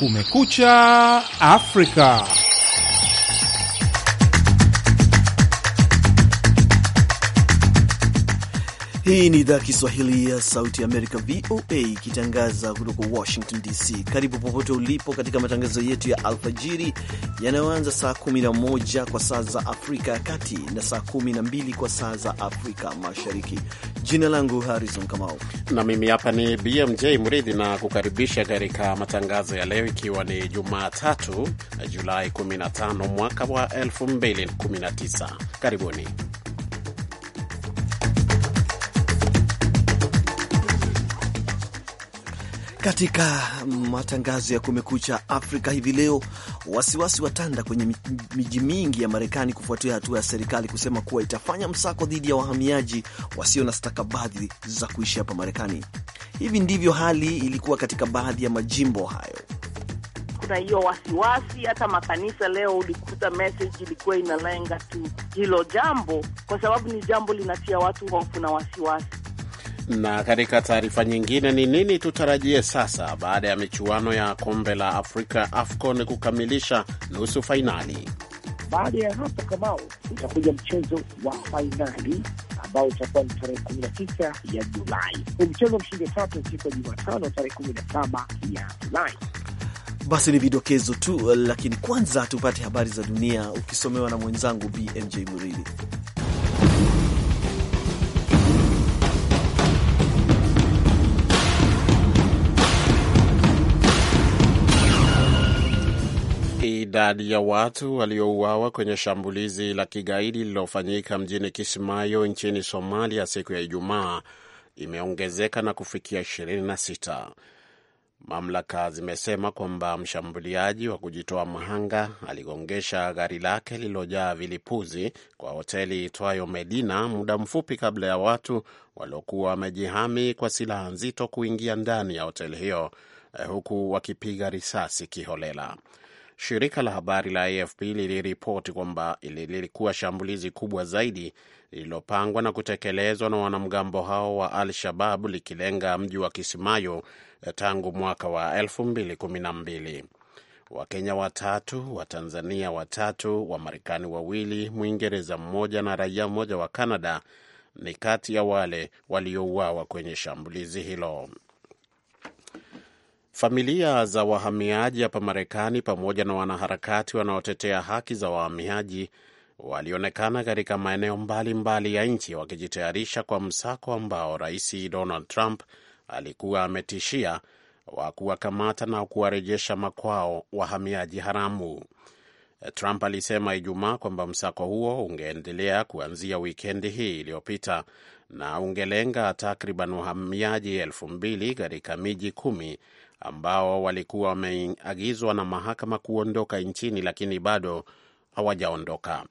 Kumekucha Afrika. Hii ni idhaa ya Kiswahili ya Sauti ya Amerika, VOA, ikitangaza kutoka Washington DC. Karibu popote ulipo katika matangazo yetu ya alfajiri yanayoanza saa 11 kwa saa za Afrika ya Kati na saa 12 kwa saa za Afrika Mashariki. Jina langu Harrison Kamau na mimi hapa ni BMJ Mridhi na kukaribisha katika matangazo ya leo, ikiwa ni Jumatatu Julai 15 mwaka wa 2019. Karibuni. Katika matangazo ya Kumekucha Afrika hivi leo, wasiwasi watanda kwenye miji mingi ya Marekani kufuatia hatua ya serikali kusema kuwa itafanya msako dhidi ya wahamiaji wasio na stakabadhi za kuishi hapa Marekani. Hivi ndivyo hali ilikuwa katika baadhi ya majimbo hayo. Kuna hiyo wasiwasi, hata makanisa leo ulikuta message ilikuwa inalenga tu hilo jambo, kwa sababu ni jambo linatia watu hofu na wasiwasi. Na katika taarifa nyingine, ni nini tutarajie sasa baada ya michuano ya kombe la Afrika AFCON kukamilisha nusu fainali? Baada ya hapo, Kamao, utakuja mchezo wa fainali ambao utakuwa ni tarehe kumi na tisa ya Julai. Huu mchezo mshindi tatu siku ya Jumatano tarehe kumi na saba ya Julai. Basi ni vidokezo tu, lakini kwanza tupate habari za dunia ukisomewa na mwenzangu BMJ Muridi. idadi ya watu waliouawa kwenye shambulizi la kigaidi lililofanyika mjini Kismayo nchini Somalia siku ya Ijumaa imeongezeka na kufikia 26. Mamlaka zimesema kwamba mshambuliaji wa kujitoa mhanga aligongesha gari lake lililojaa vilipuzi kwa hoteli itwayo Medina muda mfupi kabla ya watu waliokuwa wamejihami kwa silaha nzito kuingia ndani ya hoteli hiyo, eh, huku wakipiga risasi kiholela. Shirika la habari la AFP liliripoti kwamba lilikuwa shambulizi kubwa zaidi lililopangwa na kutekelezwa na wanamgambo hao wa Al Shabab likilenga mji wa Kisimayo eh, tangu mwaka wa 2012. Wakenya watatu, Watanzania watatu, Wamarekani wawili, Mwingereza mmoja na raia mmoja wa canada ni kati ya wale waliouawa kwenye shambulizi hilo. Familia za wahamiaji hapa Marekani pamoja na wanaharakati wanaotetea haki za wahamiaji walionekana katika maeneo mbalimbali ya nchi wakijitayarisha kwa msako ambao Rais Donald Trump alikuwa ametishia wa kuwakamata na kuwarejesha makwao wahamiaji haramu. Trump alisema Ijumaa kwamba msako huo ungeendelea kuanzia wikendi hii iliyopita na ungelenga takriban wahamiaji elfu mbili katika miji kumi ambao walikuwa wameagizwa na mahakama kuondoka nchini, lakini bado hawajaondoka.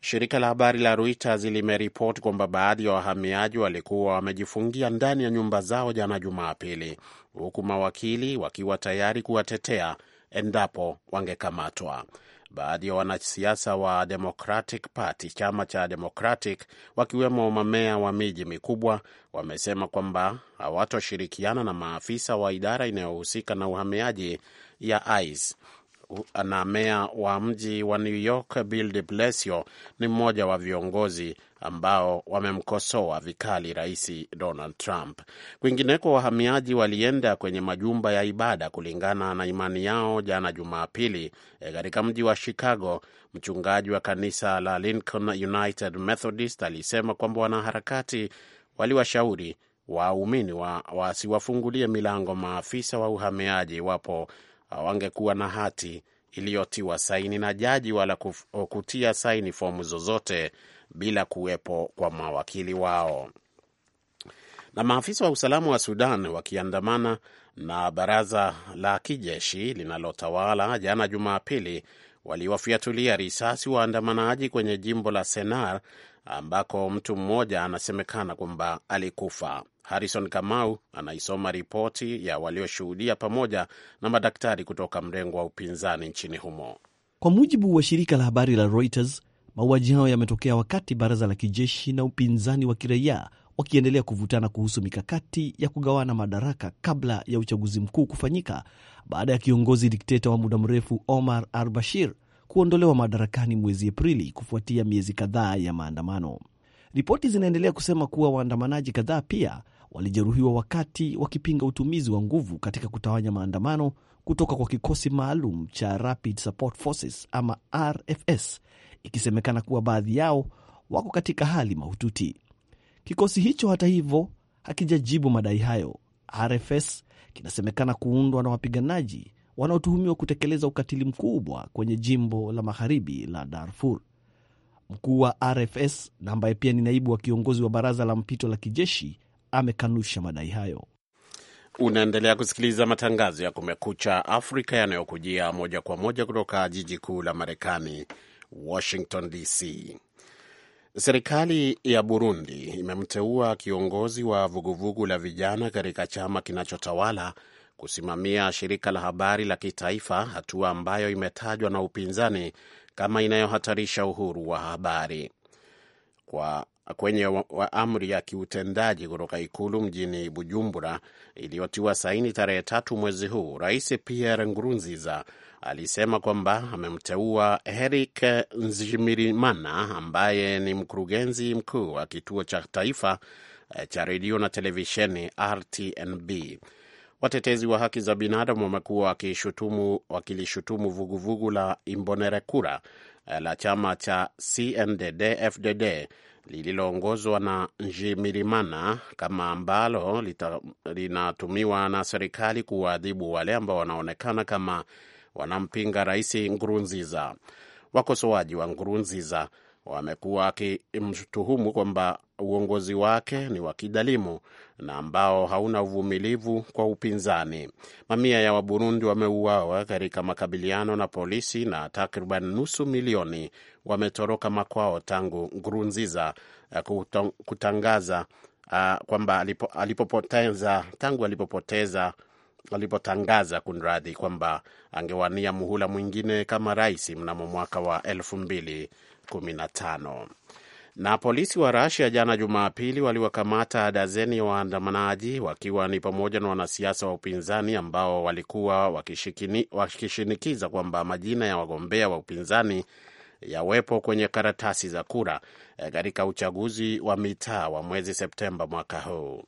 Shirika la habari la Reuters limeripoti kwamba baadhi ya wahamiaji walikuwa wamejifungia ndani ya nyumba zao jana Jumapili, huku mawakili wakiwa tayari kuwatetea endapo wangekamatwa baadhi ya wanasiasa wa Democratic Party, chama cha Democratic, wakiwemo mamea wa miji mikubwa wamesema kwamba hawatoshirikiana na maafisa wa idara inayohusika na uhamiaji ya ICE na meya wa mji wa New York Bill de Blasio ni mmoja wa viongozi ambao wamemkosoa vikali Rais Donald Trump. Kwingineko, wahamiaji walienda kwenye majumba ya ibada kulingana na imani yao jana Jumapili eh, katika mji wa Chicago. Mchungaji wa kanisa la Lincoln United Methodist alisema kwamba wanaharakati waliwashauri waumini wa wasiwafungulie milango maafisa wa uhamiaji iwapo hawangekuwa na hati iliyotiwa saini na jaji wala kutia saini fomu zozote bila kuwepo kwa mawakili wao. Na maafisa wa usalama wa Sudan wakiandamana na baraza la kijeshi linalotawala jana Jumapili waliwafiatulia risasi waandamanaji kwenye jimbo la Sennar ambako mtu mmoja anasemekana kwamba alikufa. Harrison Kamau anaisoma ripoti ya walioshuhudia pamoja na madaktari kutoka mrengo wa upinzani nchini humo. Kwa mujibu wa shirika la habari la Reuters, mauaji hayo yametokea wakati baraza la kijeshi na upinzani wa kiraia wakiendelea kuvutana kuhusu mikakati ya kugawana madaraka kabla ya uchaguzi mkuu kufanyika baada ya kiongozi dikteta wa muda mrefu Omar al-Bashir kuondolewa madarakani mwezi Aprili kufuatia miezi kadhaa ya maandamano. Ripoti zinaendelea kusema kuwa waandamanaji kadhaa pia walijeruhiwa wakati wakipinga utumizi wa nguvu katika kutawanya maandamano kutoka kwa kikosi maalum cha Rapid Support Forces ama RFS, ikisemekana kuwa baadhi yao wako katika hali mahututi. Kikosi hicho hata hivyo hakijajibu madai hayo. RFS kinasemekana kuundwa na wapiganaji wanaotuhumiwa kutekeleza ukatili mkubwa kwenye jimbo la magharibi la Darfur. Mkuu wa RFS na ambaye pia ni naibu wa kiongozi wa baraza la mpito la kijeshi amekanusha madai hayo. Unaendelea kusikiliza matangazo ya Kumekucha Afrika yanayokujia moja kwa moja kutoka jiji kuu la Marekani, Washington DC. Serikali ya Burundi imemteua kiongozi wa vuguvugu la vijana katika chama kinachotawala kusimamia shirika la habari la kitaifa, hatua ambayo imetajwa na upinzani kama inayohatarisha uhuru wa habari. Kwa kwenye amri ya kiutendaji kutoka ikulu mjini Bujumbura iliyotiwa saini tarehe tatu mwezi huu, Rais Pierre ngrunziza alisema kwamba amemteua Eric Nzimirimana ambaye ni mkurugenzi mkuu wa kituo cha taifa eh, cha redio na televisheni RTNB. Watetezi wa haki za binadamu wamekuwa wakilishutumu vuguvugu la Imbonerakure eh, la chama cha CNDD-FDD lililoongozwa na njimirimana kama ambalo lita, linatumiwa na serikali kuwaadhibu wale ambao wanaonekana kama wanampinga Rais Nkurunziza. Wakosoaji wa Nkurunziza wamekuwa wakimtuhumu kwamba uongozi wake ni wa kidhalimu na ambao hauna uvumilivu kwa upinzani. Mamia ya Waburundi wameuawa katika makabiliano na polisi na takriban nusu milioni wametoroka makwao tangu grunziza eh, kutangaza uh, kwamba alipo, alipopoteza tangu alipopoteza alipotangaza kunradhi, kwamba angewania muhula mwingine kama rais mnamo mwaka wa elfu mbili kumi na tano. Na polisi wa Rasia jana Jumapili waliwakamata dazeni ya wa waandamanaji wakiwa ni pamoja na wanasiasa wa upinzani ambao walikuwa wakishinikiza kwamba majina ya wagombea wa upinzani yawepo kwenye karatasi za kura e, katika uchaguzi wa mitaa wa mwezi Septemba mwaka huu.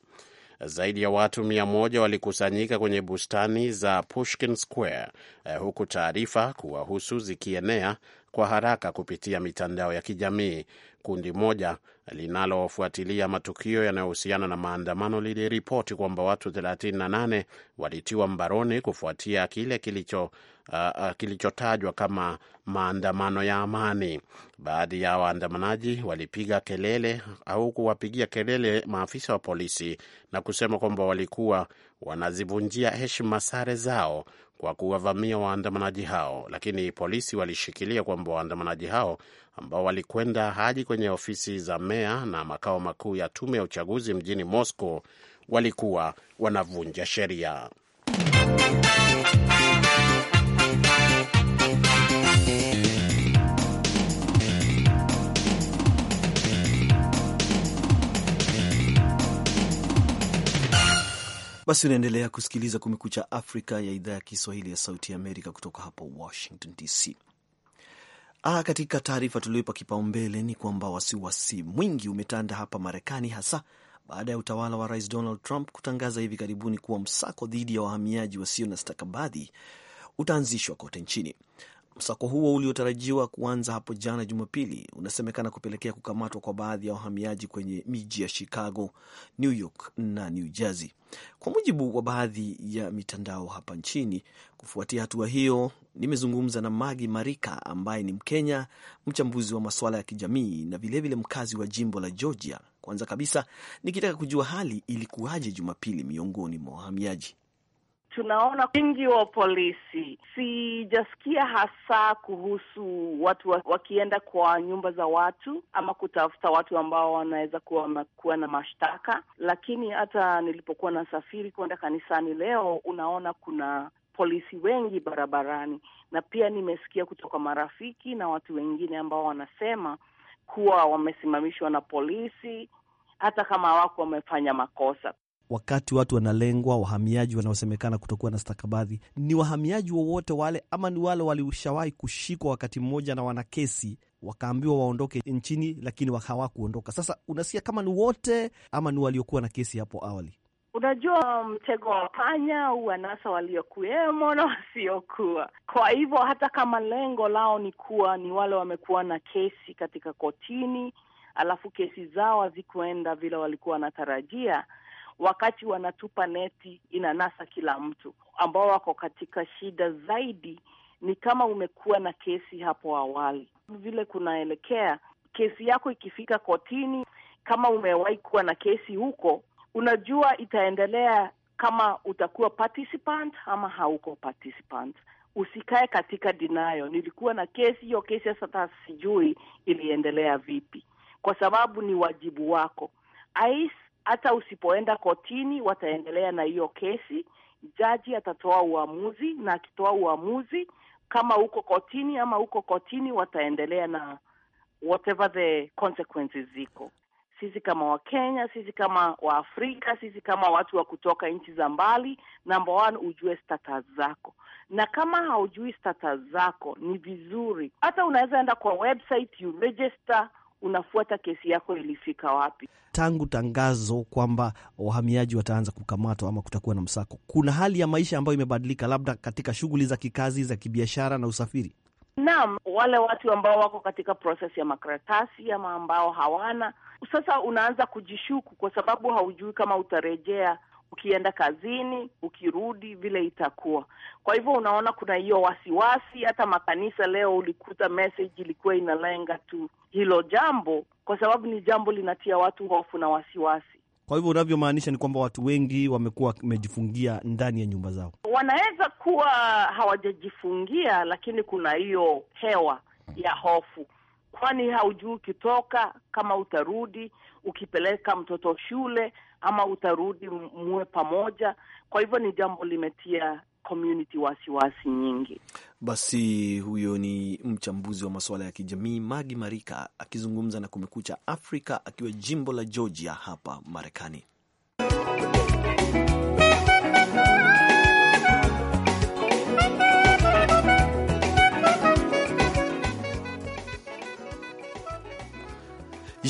Zaidi ya watu mia moja walikusanyika kwenye bustani za Pushkin Square, e, huku taarifa kuwahusu zikienea kwa haraka kupitia mitandao ya kijamii. Kundi moja linalofuatilia matukio yanayohusiana na maandamano liliripoti kwamba watu 38 walitiwa mbaroni kufuatia kile kilicho uh, uh, kilichotajwa kama maandamano ya amani. Baadhi ya waandamanaji walipiga kelele au kuwapigia kelele maafisa wa polisi na kusema kwamba walikuwa wanazivunjia heshima sare zao kwa kuwavamia waandamanaji hao, lakini polisi walishikilia kwamba waandamanaji hao ambao walikwenda hadi kwenye ofisi za meya na makao makuu ya tume ya uchaguzi mjini Moscow walikuwa wanavunja sheria. Basi unaendelea kusikiliza Kumekucha Afrika ya idhaa ya Kiswahili ya Sauti ya Amerika kutoka hapa Washington DC. Ah, katika taarifa tulioipa kipaumbele ni kwamba wasiwasi mwingi umetanda hapa Marekani, hasa baada ya utawala wa Rais Donald Trump kutangaza hivi karibuni kuwa msako dhidi ya wahamiaji wasio na stakabadhi utaanzishwa kote nchini. Msako huo uliotarajiwa kuanza hapo jana Jumapili unasemekana kupelekea kukamatwa kwa baadhi ya wahamiaji kwenye miji ya Chicago, New York na New Jersey, kwa mujibu wa baadhi ya mitandao hapa nchini. Kufuatia hatua hiyo, nimezungumza na Magi Marika ambaye ni Mkenya, mchambuzi wa masuala ya kijamii na vilevile mkazi wa jimbo la Georgia, kwanza kabisa nikitaka kujua hali ilikuwaje Jumapili miongoni mwa wahamiaji tunaona wingi wa polisi. Sijasikia hasa kuhusu watu wa, wakienda kwa nyumba za watu ama kutafuta watu ambao wanaweza kuwa, wamekuwa na mashtaka, lakini hata nilipokuwa nasafiri kwenda kanisani leo, unaona kuna polisi wengi barabarani, na pia nimesikia kutoka marafiki na watu wengine ambao wanasema kuwa wamesimamishwa na polisi hata kama wako wamefanya makosa wakati watu wanalengwa, wahamiaji wanaosemekana kutokuwa na stakabadhi, ni wahamiaji wowote wa wale ama ni wale walishawahi kushikwa wakati mmoja na wana kesi wakaambiwa waondoke nchini, lakini hawakuondoka. Sasa unasikia kama ni wote ama ni waliokuwa na kesi hapo awali. Unajua, mtego wa panya huwanasa waliokuwemo na wasiokuwa. Kwa hivyo hata kama lengo lao ni kuwa ni wale wamekuwa na kesi katika kotini, alafu kesi zao hazikuenda vile walikuwa wanatarajia, wakati wanatupa neti inanasa kila mtu. Ambao wako katika shida zaidi ni kama umekuwa na kesi hapo awali, vile kunaelekea kesi yako ikifika kotini, kama umewahi kuwa na kesi huko, unajua itaendelea kama utakuwa participant ama hauko participant. Usikae katika dinayo nilikuwa na kesi hiyo, kesi sasa sijui iliendelea vipi, kwa sababu ni wajibu wako. ICE hata usipoenda kotini wataendelea na hiyo kesi. Jaji atatoa uamuzi, na akitoa uamuzi kama uko kotini ama uko kotini, wataendelea na whatever the consequences ziko. Sisi kama Wakenya, sisi kama Waafrika, sisi kama watu wa kutoka nchi za mbali, namba one, ujue status zako, na kama haujui status zako ni vizuri, hata unaweza enda kwa website you register unafuata kesi yako ilifika wapi. Tangu tangazo kwamba wahamiaji wataanza kukamatwa ama kutakuwa na msako, kuna hali ya maisha ambayo imebadilika, labda katika shughuli za kikazi, za kibiashara na usafiri. Naam, wale watu ambao wako katika proses ya makaratasi ama ambao hawana, sasa unaanza kujishuku kwa sababu haujui kama utarejea ukienda kazini, ukirudi vile itakuwa. Kwa hivyo unaona kuna hiyo wasiwasi. Hata makanisa leo ulikuta message ilikuwa inalenga tu hilo jambo, kwa sababu ni jambo linatia watu hofu na wasiwasi. Kwa hivyo unavyomaanisha ni kwamba watu wengi wamekuwa wamejifungia ndani ya nyumba zao. Wanaweza kuwa hawajajifungia, lakini kuna hiyo hewa ya hofu, kwani haujui ukitoka kama utarudi, ukipeleka mtoto shule ama utarudi muwe pamoja. Kwa hivyo ni jambo limetia community wasiwasi nyingi. Basi huyo ni mchambuzi wa masuala ya kijamii Magi Marika akizungumza na Kumekucha Afrika akiwa jimbo la Georgia hapa Marekani.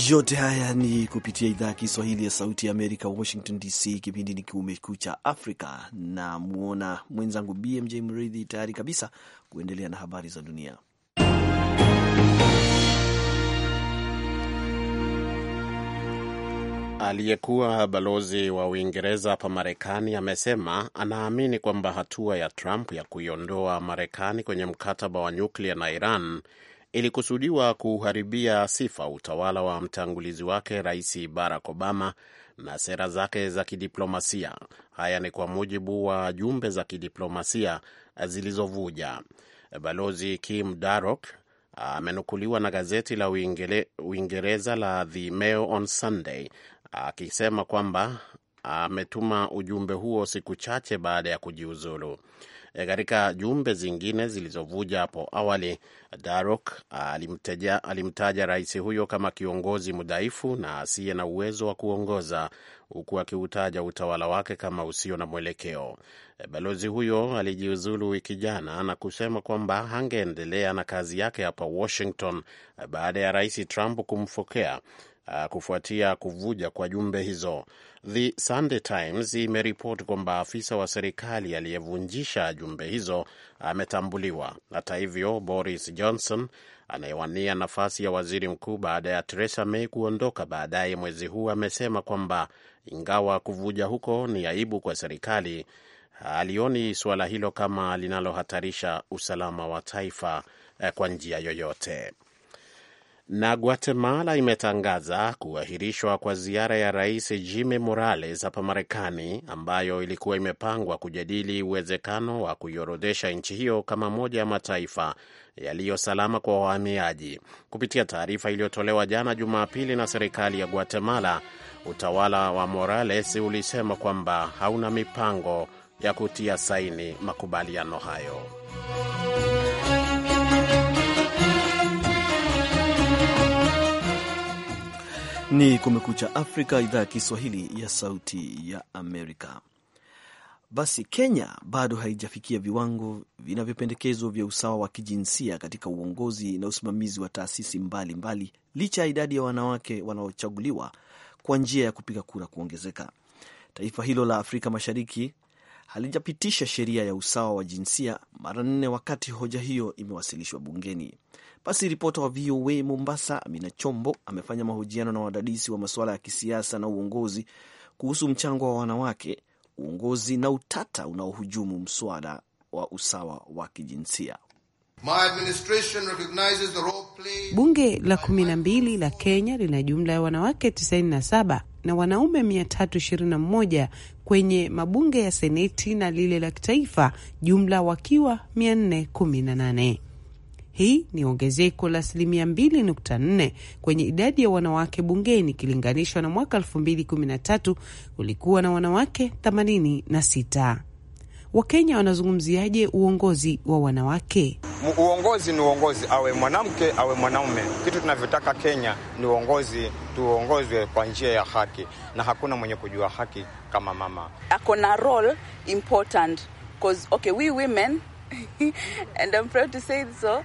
Yote haya ni kupitia idhaa ya Kiswahili ya Sauti ya Amerika, Washington DC. Kipindi ni Kumekucha Afrika na mwona mwenzangu BMJ Mridhi tayari kabisa kuendelea na habari za dunia. Aliyekuwa balozi wa Uingereza hapa Marekani amesema anaamini kwamba hatua ya Trump ya kuiondoa Marekani kwenye mkataba wa nyuklia na Iran ilikusudiwa kuharibia sifa utawala wa mtangulizi wake Rais Barack Obama na sera zake za kidiplomasia. Haya ni kwa mujibu wa jumbe za kidiplomasia zilizovuja. Balozi Kim darok amenukuliwa na gazeti la Uingereza la The Mail on Sunday akisema kwamba ametuma ujumbe huo siku chache baada ya kujiuzulu. Eh, katika jumbe zingine zilizovuja hapo awali, Darok alimtaja, alimtaja rais huyo kama kiongozi mdhaifu na asiye na uwezo wa kuongoza huku akiutaja utawala wake kama usio na mwelekeo. Eh, balozi huyo alijiuzulu wiki jana na kusema kwamba hangeendelea na kazi yake hapa Washington eh, baada ya rais Trump kumfokea uh, kufuatia kuvuja kwa jumbe hizo. The Sunday Times imeripoti kwamba afisa wa serikali aliyevunjisha jumbe hizo ametambuliwa. Hata hivyo, Boris Johnson anayewania nafasi ya waziri mkuu baada ya Theresa May kuondoka baadaye mwezi huu amesema kwamba ingawa kuvuja huko ni aibu kwa serikali, alioni suala hilo kama linalohatarisha usalama wa taifa eh, kwa njia yoyote. Na Guatemala imetangaza kuahirishwa kwa ziara ya Rais Jimmy Morales hapa Marekani ambayo ilikuwa imepangwa kujadili uwezekano wa kuiorodhesha nchi hiyo kama moja ya mataifa yaliyo salama kwa wahamiaji. Kupitia taarifa iliyotolewa jana Jumapili na serikali ya Guatemala, utawala wa Morales ulisema kwamba hauna mipango ya kutia saini makubaliano hayo. Ni Kumekucha Afrika, idhaa ya Kiswahili ya Sauti ya Amerika. Basi Kenya bado haijafikia viwango vinavyopendekezwa vya usawa wa kijinsia katika uongozi na usimamizi wa taasisi mbalimbali mbali, licha ya idadi ya wanawake wanaochaguliwa kwa njia ya kupiga kura kuongezeka. Taifa hilo la Afrika Mashariki halijapitisha sheria ya usawa wa jinsia mara nne wakati hoja hiyo imewasilishwa bungeni. Basi ripota wa VOA Mombasa, Amina Chombo, amefanya mahojiano na wadadisi wa masuala ya kisiasa na uongozi kuhusu mchango wa wanawake, uongozi na utata unaohujumu mswada wa usawa wa kijinsia. Bunge la kumi na mbili la Kenya lina jumla ya wanawake 97 na wanaume 321 kwenye mabunge ya seneti na lile la kitaifa, jumla wakiwa 418. Hii ni ongezeko la asilimia 2.4 kwenye idadi ya wanawake bungeni ikilinganishwa na mwaka 2013 kulikuwa na wanawake 86. Wakenya wanazungumziaje uongozi wa wanawake? Uongozi ni uongozi, awe mwanamke awe mwanaume. Kitu tunavyotaka Kenya ni uongozi, tuongozwe kwa njia ya haki, na hakuna mwenye kujua haki kama mama. Ako na role important cause okay we women and I'm proud to say so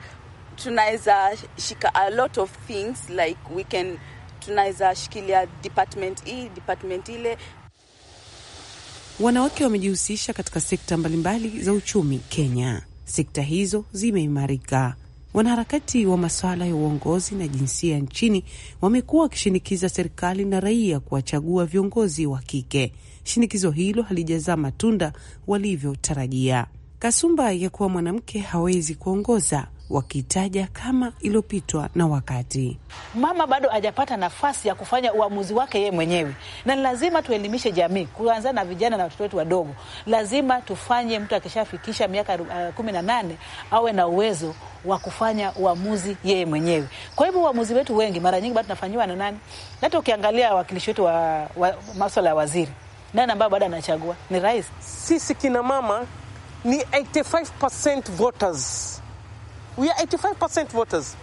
tunaweza shika a lot of things like we can tunaweza shikilia department hii e, department ile. Wanawake wamejihusisha katika sekta mbalimbali za uchumi Kenya. Sekta hizo zimeimarika. Wanaharakati wa masuala ya uongozi na jinsia nchini wamekuwa wakishinikiza serikali na raia kuwachagua viongozi wa kike. Shinikizo hilo halijazaa matunda walivyotarajia. Kasumba ya kuwa mwanamke hawezi kuongoza wakitaja kama iliyopitwa na wakati. Mama bado hajapata nafasi ya kufanya uamuzi wake yeye mwenyewe, na lazima tuelimishe jamii kuanza na vijana na watoto wetu wadogo. Lazima tufanye mtu akishafikisha miaka uh, kumi na nane awe na uwezo wa kufanya uamuzi yeye mwenyewe. Kwa hivyo uamuzi wetu wengi mara nyingi bado tunafanyiwa na nani? Hata ukiangalia wakilishi wetu wa, wa maswala ya waziri, nani ambayo bado anachagua? Ni rais. Sisi kina mama ni 85% voters we are 85% voters.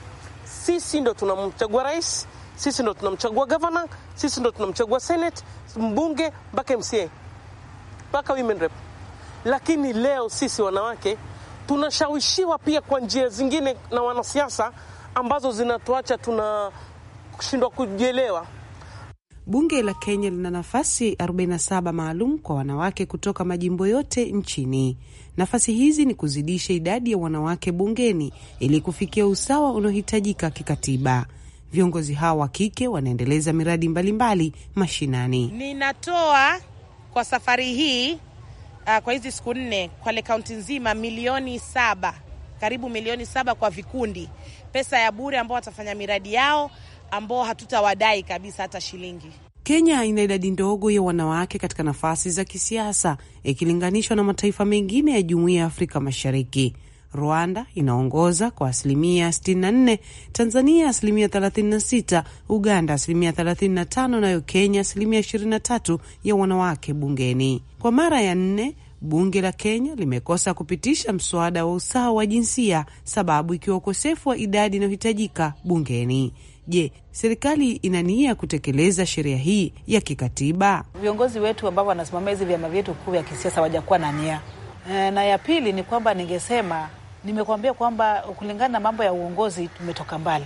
Sisi ndo tunamchagua rais, sisi ndo tunamchagua governor, sisi ndo tunamchagua senate, mbunge mpaka MCA mpaka women rep. Lakini leo sisi wanawake tunashawishiwa pia kwa njia zingine na wanasiasa ambazo zinatuacha tunashindwa kujielewa. Bunge la Kenya lina nafasi 47 maalum kwa wanawake kutoka majimbo yote nchini. Nafasi hizi ni kuzidisha idadi ya wanawake bungeni ili kufikia usawa unaohitajika kikatiba. Viongozi hawa wa kike wanaendeleza miradi mbalimbali mbali mashinani. Ninatoa kwa safari hii uh, kwa hizi siku nne Kwale kaunti nzima milioni saba, karibu milioni saba kwa vikundi, pesa ya bure ambao watafanya miradi yao ambao hatutawadai kabisa hata shilingi. Kenya ina idadi ndogo ya wanawake katika nafasi za kisiasa ikilinganishwa na mataifa mengine ya jumuiya ya Afrika Mashariki. Rwanda inaongoza kwa asilimia 64, Tanzania asilimia 36, Uganda asilimia 35, nayo Kenya asilimia 23 ya wanawake bungeni. Kwa mara ya nne bunge la Kenya limekosa kupitisha mswada wa usawa wa jinsia, sababu ikiwa ukosefu wa idadi inayohitajika bungeni. Je, serikali ina nia ya kutekeleza sheria hii ya kikatiba? Viongozi wetu ambao wanasimamia hizi vyama vyetu kuu vya kisiasa wajakuwa na nia. E, na ya pili ni kwamba ningesema, nimekuambia kwamba kulingana na mambo ya uongozi tumetoka mbali,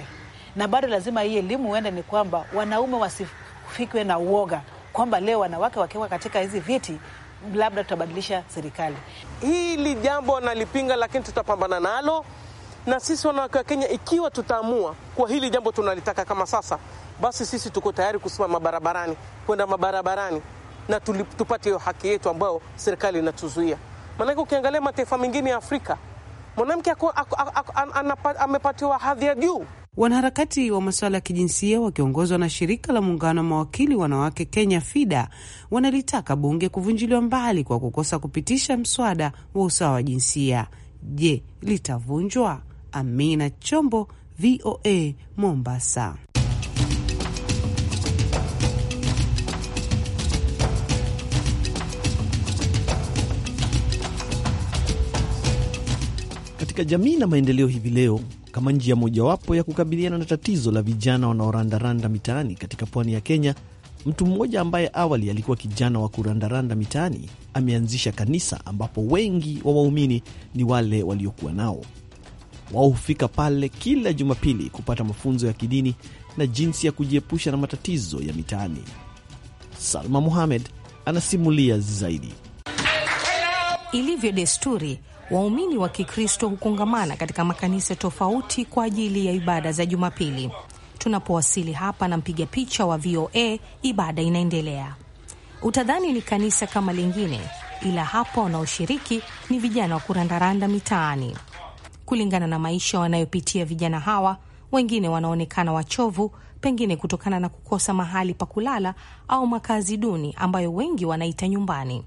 na bado lazima hii elimu uende, ni kwamba wanaume wasifikwe na uoga kwamba leo wanawake wakiwa katika hizi viti labda tutabadilisha serikali. Hili jambo nalipinga, lakini tutapambana nalo na sisi wanawake wa Kenya, ikiwa tutaamua kwa hili jambo tunalitaka kama sasa, basi sisi tuko tayari kusimama barabarani, kwenda mabarabarani na tupate hiyo haki yetu ambayo serikali inatuzuia. Maanake ukiangalia mataifa mengine ya Afrika, mwanamke amepatiwa hadhi ya juu. Wanaharakati wa masuala ya kijinsia wakiongozwa na shirika la muungano wa mawakili wanawake Kenya, FIDA, wanalitaka bunge kuvunjiliwa mbali kwa kukosa kupitisha mswada wa usawa wa jinsia. Je, litavunjwa? Amina Chombo, VOA Mombasa. Katika jamii na maendeleo hivi leo, kama njia mojawapo ya kukabiliana na tatizo la vijana wanaorandaranda mitaani katika pwani ya Kenya, mtu mmoja ambaye awali alikuwa kijana wa kurandaranda mitaani ameanzisha kanisa ambapo wengi wa waumini ni wale waliokuwa nao. Wao hufika pale kila Jumapili kupata mafunzo ya kidini na jinsi ya kujiepusha na matatizo ya mitaani. Salma Muhamed anasimulia zaidi. Ilivyo desturi, waumini wa Kikristo hukongamana katika makanisa tofauti kwa ajili ya ibada za Jumapili. Tunapowasili hapa na mpiga picha wa VOA, ibada inaendelea. Utadhani ni kanisa kama lingine, ila hapa wanaoshiriki ni vijana wa kurandaranda mitaani kulingana na maisha wanayopitia vijana hawa. Wengine wanaonekana wachovu, pengine kutokana na kukosa mahali pa kulala au makazi duni ambayo wengi wanaita nyumbani.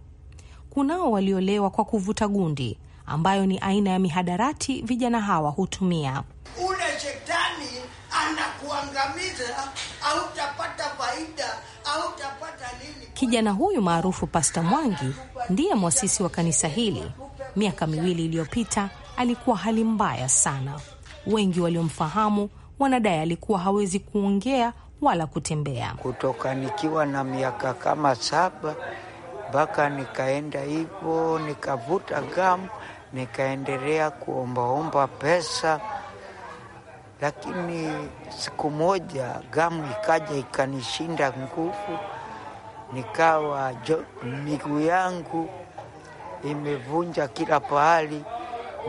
Kunao waliolewa kwa kuvuta gundi, ambayo ni aina ya mihadarati vijana hawa hutumia. Ule shetani anakuangamiza, hautapata faida, hautapata nini. Kijana huyu maarufu Pasta Mwangi ndiye mwasisi wa kanisa hili. Miaka miwili iliyopita alikuwa hali mbaya sana. Wengi waliomfahamu wanadai alikuwa hawezi kuongea wala kutembea. Kutoka nikiwa na miaka kama saba mpaka nikaenda hivyo, nikavuta gamu, nikaendelea kuombaomba pesa, lakini siku moja gamu ikaja ikanishinda nguvu, nikawa miguu yangu imevunja kila pahali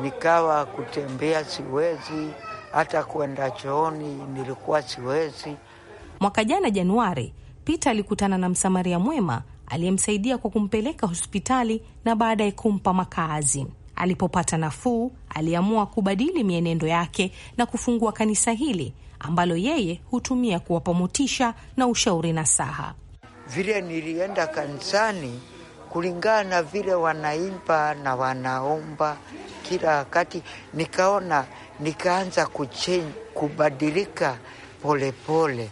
nikawa kutembea siwezi, hata kuenda chooni nilikuwa siwezi. Mwaka jana Januari, Peter alikutana na msamaria mwema aliyemsaidia kwa kumpeleka hospitali na baadaye kumpa makazi. Alipopata nafuu, aliamua kubadili mienendo yake na kufungua kanisa hili ambalo yeye hutumia kuwapa motisha na ushauri na saha Vile nilienda kanisani kulingana na vile wanaimba na wanaomba kila wakati, nikaona nikaanza kuchange, kubadilika polepole pole,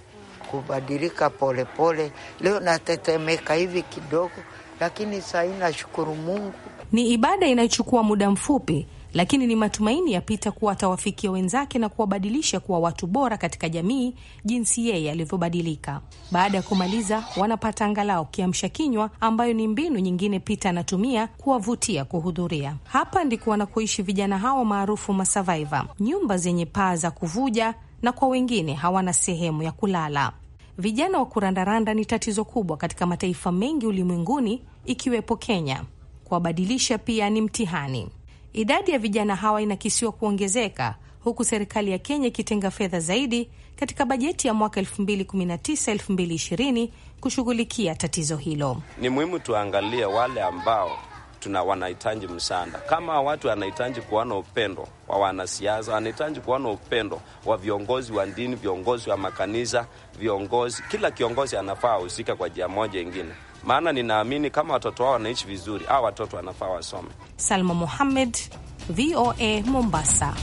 kubadilika polepole pole. Leo natetemeka hivi kidogo, lakini saa nashukuru Mungu. Ni ibada inayochukua muda mfupi lakini ni matumaini ya Pita kuwa atawafikia wenzake na kuwabadilisha kuwa watu bora katika jamii jinsi yeye alivyobadilika. Baada ya kumaliza, wanapata angalau kiamsha kinywa, ambayo ni mbinu nyingine Pita anatumia kuwavutia kuhudhuria. Hapa ndiko wanakoishi vijana hawa maarufu masavaiva nyumba zenye paa za kuvuja, na kwa wengine hawana sehemu ya kulala. Vijana wa kurandaranda ni tatizo kubwa katika mataifa mengi ulimwenguni ikiwepo Kenya. Kuwabadilisha pia ni mtihani. Idadi ya vijana hawa inakisiwa kuongezeka huku serikali ya Kenya ikitenga fedha zaidi katika bajeti ya mwaka 2019-2020 kushughulikia tatizo hilo. Ni muhimu tuangalie wale ambao tuna wanahitaji msaada. Kama watu wanahitaji kuona upendo wa wanasiasa, wanahitaji kuona upendo wa viongozi wa dini, viongozi wa makanisa, viongozi, kila kiongozi anafaa ahusika kwa njia moja ingine maana ninaamini kama watoto wao wanaishi vizuri, au watoto wanafaa wasome. Salma Muhamed, VOA Mombasa.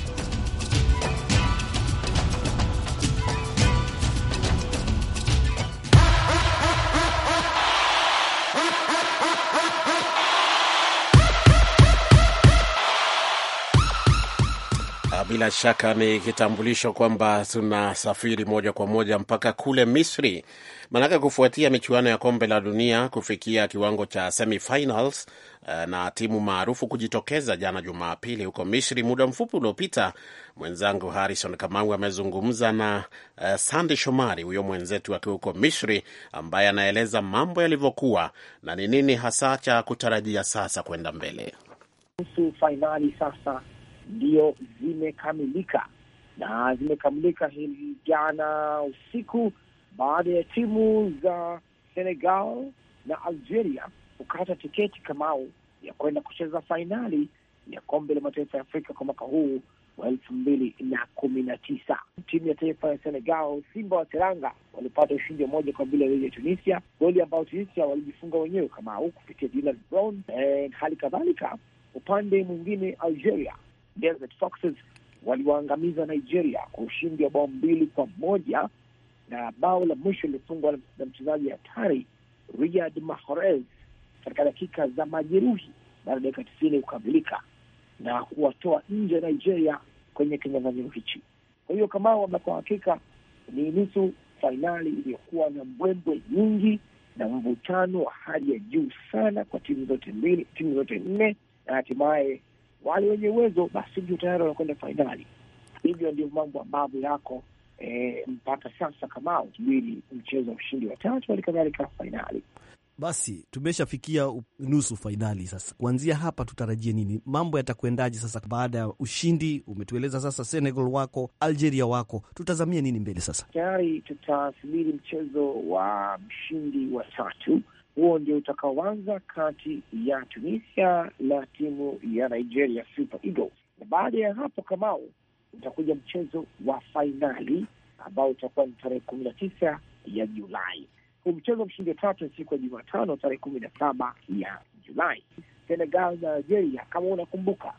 Bila shaka ni kitambulisho kwamba tunasafiri moja kwa moja mpaka kule Misri, maanake kufuatia michuano ya kombe la dunia kufikia kiwango cha semifinals eh, na timu maarufu kujitokeza jana Jumapili huko Misri. Muda mfupi uliopita, mwenzangu Harrison Kamau amezungumza na uh, Sande Shomari, huyo mwenzetu akiwa huko Misri, ambaye anaeleza mambo yalivyokuwa na ni nini hasa cha kutarajia sasa kwenda mbele. Nusu fainali sasa ndio zimekamilika na zimekamilika hili jana usiku baada ya timu za Senegal na Algeria kukata tiketi kamau ya kwenda kucheza fainali ya kombe la mataifa ya Afrika kwa mwaka huu wa elfu mbili na kumi na tisa. Timu ya taifa ya Senegal, Simba wa Teranga, walipata ushindi wa moja kwa mbili dhidi ya Tunisia, goli ambayo Tunisia walijifunga wenyewe Kamau kupitia Dylan Brown. E, hali kadhalika upande mwingine Algeria Desert Foxes waliwaangamiza Nigeria kwa ushindi wa bao mbili kwa moja na bao la mwisho lilifungwa na mchezaji hatari Riyad Mahrez katika dakika za majeruhi baada ya dakika tisini kukamilika na kuwatoa nje Nigeria kwenye kinyang'anyiro hichi. Kwa hiyo kama kwa hakika ni nusu fainali iliyokuwa na mbwembwe nyingi na mvutano wa hali ya juu sana kwa timu zote mbili, timu zote nne, na hatimaye wale wenye uwezo basi ndio tayari wanakwenda fainali. Hivyo ndio mambo ambavyo yako e, mpaka sasa, kama ukibili mchezo wa ushindi wa tatu, hali kadhalika fainali. Basi tumeshafikia nusu fainali. Sasa kuanzia hapa tutarajie nini? Mambo yatakwendaje sasa baada ya ushindi? Umetueleza sasa Senegal wako Algeria wako, tutazamia nini mbele sasa? Tayari tutasubiri mchezo wa mshindi wa tatu huo ndio utakaoanza kati ya Tunisia na timu ya Nigeria Super Eagles, na baada ya hapo Kamau, utakuja mchezo wa fainali ambao utakuwa ni tarehe kumi na tisa ya Julai. Huu mchezo wa mshindi wa tatu ni siku ya Jumatano tarehe kumi na saba ya Julai. Senegal na Nigeria, kama unakumbuka,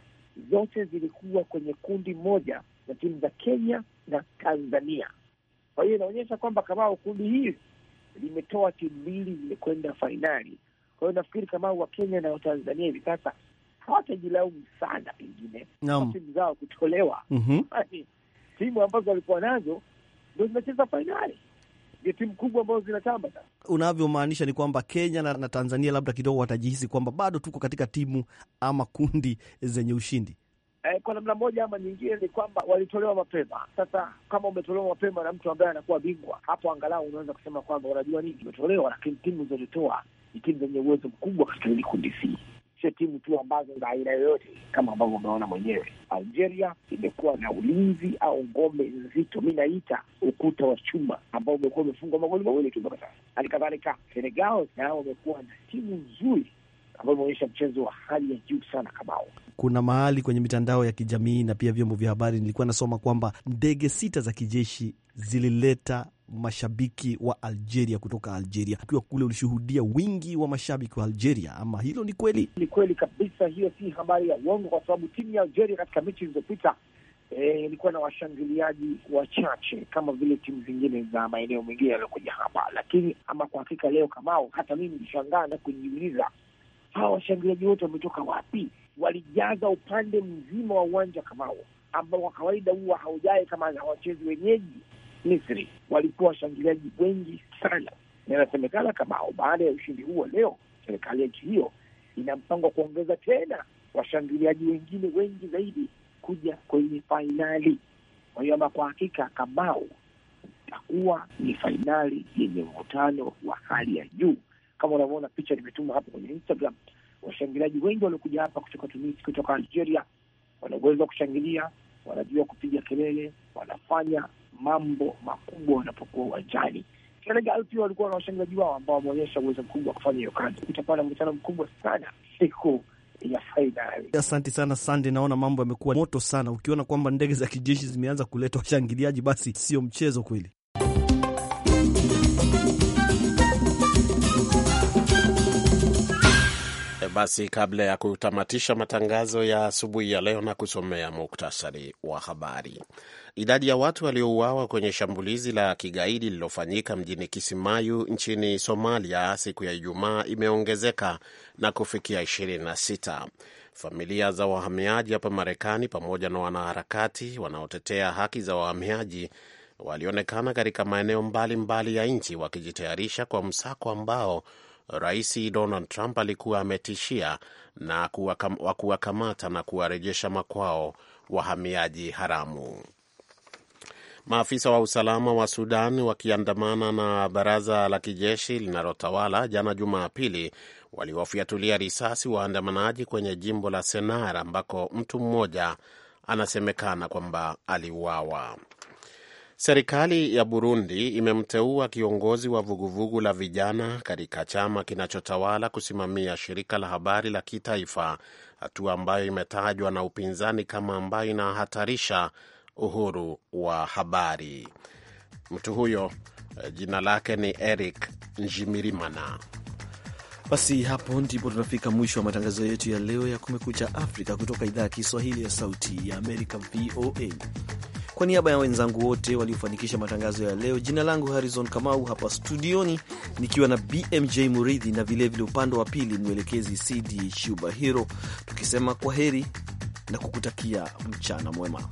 zote zilikuwa kwenye kundi moja na timu za Kenya na Tanzania. Kwa hiyo inaonyesha kwamba Kamau, kundi hili limetoa timu mbili zimekwenda fainali. Kwa hiyo nafikiri kama Wakenya na Watanzania hivi sasa hawatajilaumu sana, pengine timu zao kutolewa mhm. yaani, timu ambazo walikuwa nazo ndo zinacheza fainali ndio timu kubwa ambazo zinatamba sasa. Unavyomaanisha ni kwamba Kenya na, na Tanzania labda kidogo watajihisi kwamba bado tuko katika timu ama kundi zenye ushindi eh, kwa namna moja ama nyingine ni kwamba walitolewa mapema. Sasa kama umetolewa mapema na mtu ambaye anakuwa bingwa, hapo angalau unaweza kusema kwamba unajua nini, umetolewa. Lakini timu zilizotoa ni timu zenye uwezo mkubwa katika hili kundi C, sio timu tu ambazo za aina yoyote. Kama ambavyo umeona mwenyewe, Algeria imekuwa na ulinzi au ngome nzito, mi naita ukuta wa chuma ambao umekuwa umefungwa magoli mawili tu mpaka sasa. Hali kadhalika Senegal nao wamekuwa na timu nzuri ambayo imeonyesha mchezo wa hali ya juu sana kabao. Kuna mahali kwenye mitandao ya kijamii na pia vyombo vya habari nilikuwa nasoma kwamba ndege sita za kijeshi zilileta mashabiki wa Algeria kutoka Algeria. Ukiwa kule ulishuhudia wingi wa mashabiki wa Algeria, ama hilo ni kweli? Ni kweli kabisa, hiyo si habari ya uongo, kwa sababu timu ya Algeria katika mechi zilizopita e, ilikuwa e, na washangiliaji wachache kama vile timu zingine za maeneo mengine yaliyokuja hapa. Lakini ama kwa hakika leo, Kamao, hata mimi nilishangaa na kujiuliza hawa washangiliaji wote wametoka wapi? Walijaza upande mzima wa uwanja kamao ambao kwa kawaida huwa haujae kama hawachezi wenyeji Misri. Walikuwa washangiliaji wengi sana, na inasemekana Kamao, baada ya ushindi huo leo, serikali ya nchi hiyo ina mpango wa kuongeza tena washangiliaji wengine wengi zaidi kuja kwenye fainali. Kwa hiyo ama kwa hakika Kamao itakuwa ni fainali yenye mvutano wa hali ya juu. Kama unavyoona picha limetuma hapo kwenye Instagram, washangiliaji wengi waliokuja hapa kutoka Tunisi, kutoka Algeria, wana uwezo wa kushangilia, wanajua kupiga kelele, wanafanya mambo makubwa wanapokuwa uwanjani. Senegal pia walikuwa na washangiliaji wao ambao wameonyesha uwezo mkubwa wa kufanya hiyo kazi. Utakuwa na mkutano mkubwa sana siku ya Asante sana Sande, naona mambo yamekuwa moto sana. Ukiona kwamba ndege za kijeshi zimeanza kuleta washangiliaji, basi sio mchezo kweli. Basi kabla ya kutamatisha matangazo ya asubuhi ya leo na kusomea muktasari wa habari, idadi ya watu waliouawa kwenye shambulizi la kigaidi lililofanyika mjini Kisimayu nchini Somalia siku ya Ijumaa imeongezeka na kufikia 26. Familia za wahamiaji hapa Marekani pamoja na wanaharakati wanaotetea haki za wahamiaji walionekana katika maeneo mbalimbali mbali ya nchi wakijitayarisha kwa msako ambao Rais Donald Trump alikuwa ametishia na kuwakamata na kuwarejesha makwao wahamiaji haramu. Maafisa wa usalama wa Sudan wakiandamana na baraza la kijeshi linalotawala jana Jumapili waliwafyatulia risasi waandamanaji kwenye jimbo la Sennar ambako mtu mmoja anasemekana kwamba aliuawa. Serikali ya Burundi imemteua kiongozi wa vuguvugu la vijana katika chama kinachotawala kusimamia shirika la habari la kitaifa, hatua ambayo imetajwa na upinzani kama ambayo inahatarisha uhuru wa habari. Mtu huyo eh, jina lake ni Eric Njimirimana. Basi hapo ndipo tunafika mwisho wa matangazo yetu ya leo ya Kumekucha Afrika kutoka idhaa ya Kiswahili ya Sauti ya Amerika, VOA. Kwa niaba ya wenzangu wote waliofanikisha matangazo ya leo, jina langu Harrison Kamau, hapa studioni nikiwa na BMJ Muridhi na vilevile upande wa pili mwelekezi CD Shubahiro, tukisema kwa heri na kukutakia mchana mwema.